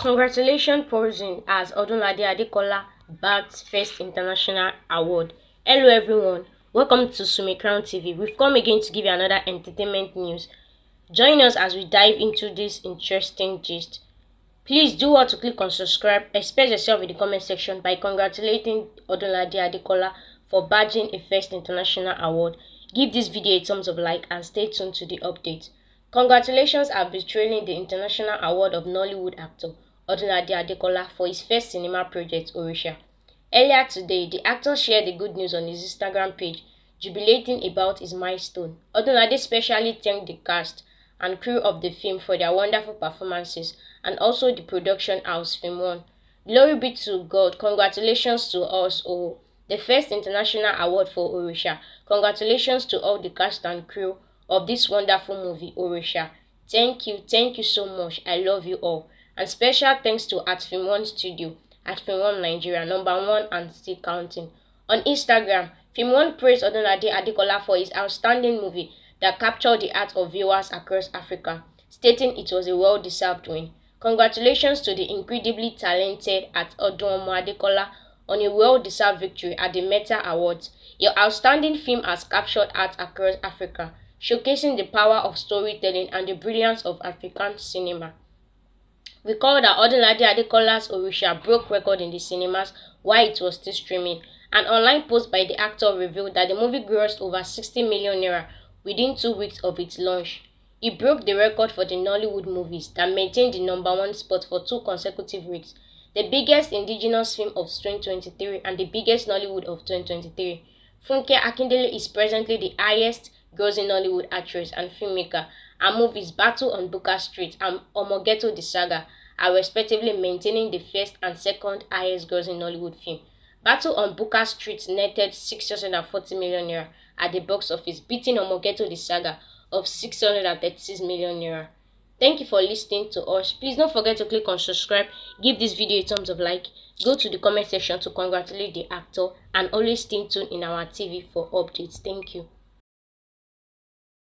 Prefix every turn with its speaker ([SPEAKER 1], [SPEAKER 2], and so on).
[SPEAKER 1] Congratulations Pourzone as Odunlade Adekola bagged first international award. Hello everyone, welcome to Sumi Crown TV. We've come again to give you another entertainment news. Join us as we dive into this interesting gist. Please do want to click on subscribe. Express yourself in the comment section by congratulating Odunlade Adekola for bagging a first international award. Give this video a thumbs up like and stay tuned to the update. Congratulations are betraying the International Award of Nollywood actor Odunlade Adekola for his first cinema project Orisha. Earlier today, the actor shared the good news on his Instagram page, jubilating about his milestone. Odunlade specially thanked the cast and crew of the film for their wonderful performances and also the production house Film One. Glory be to God. Congratulations to us all. The first international award for Orisha. Congratulations to all the cast and crew of this wonderful movie, Orisha. Thank you, thank you so much. I love you all. And special thanks to Atfin One Studio, Atfin One Nigeria, number one and still counting. On Instagram, Film One praised Odunade Adekola for his outstanding movie that captured the heart of viewers across Africa, stating it was a well-deserved win. Congratulations to the incredibly talented at Odunomo Adekola on a well-deserved victory at the Meta Awards. Your outstanding film has captured hearts across Africa showcasing the power of storytelling and the brilliance of African cinema. Recall that Odunlade Adekola's Orisha broke record in the cinemas while it was still streaming. An online post by the actor revealed that the movie grossed over 60 million naira within two weeks of its launch. It broke the record for the Nollywood movies that maintained the number one spot for two consecutive weeks, the biggest indigenous film of 2023 and the biggest Nollywood of 2023. Funke Akindele is presently the highest Gussie Hollywood actress and filmmaker, her movies Battle on Buka Street and Omogeto the Saga are respectively maintaining the first and second highest grossing Hollywood film. Battle on Buka Street netted 640 million naira at the box office, beating Omogeto the Saga of 636 million naira. Thank you for listening to us. Please don't forget to click on subscribe, give this video a thumbs of like, go to the comment section to congratulate the actor, and always stay tuned in our TV for updates. Thank you.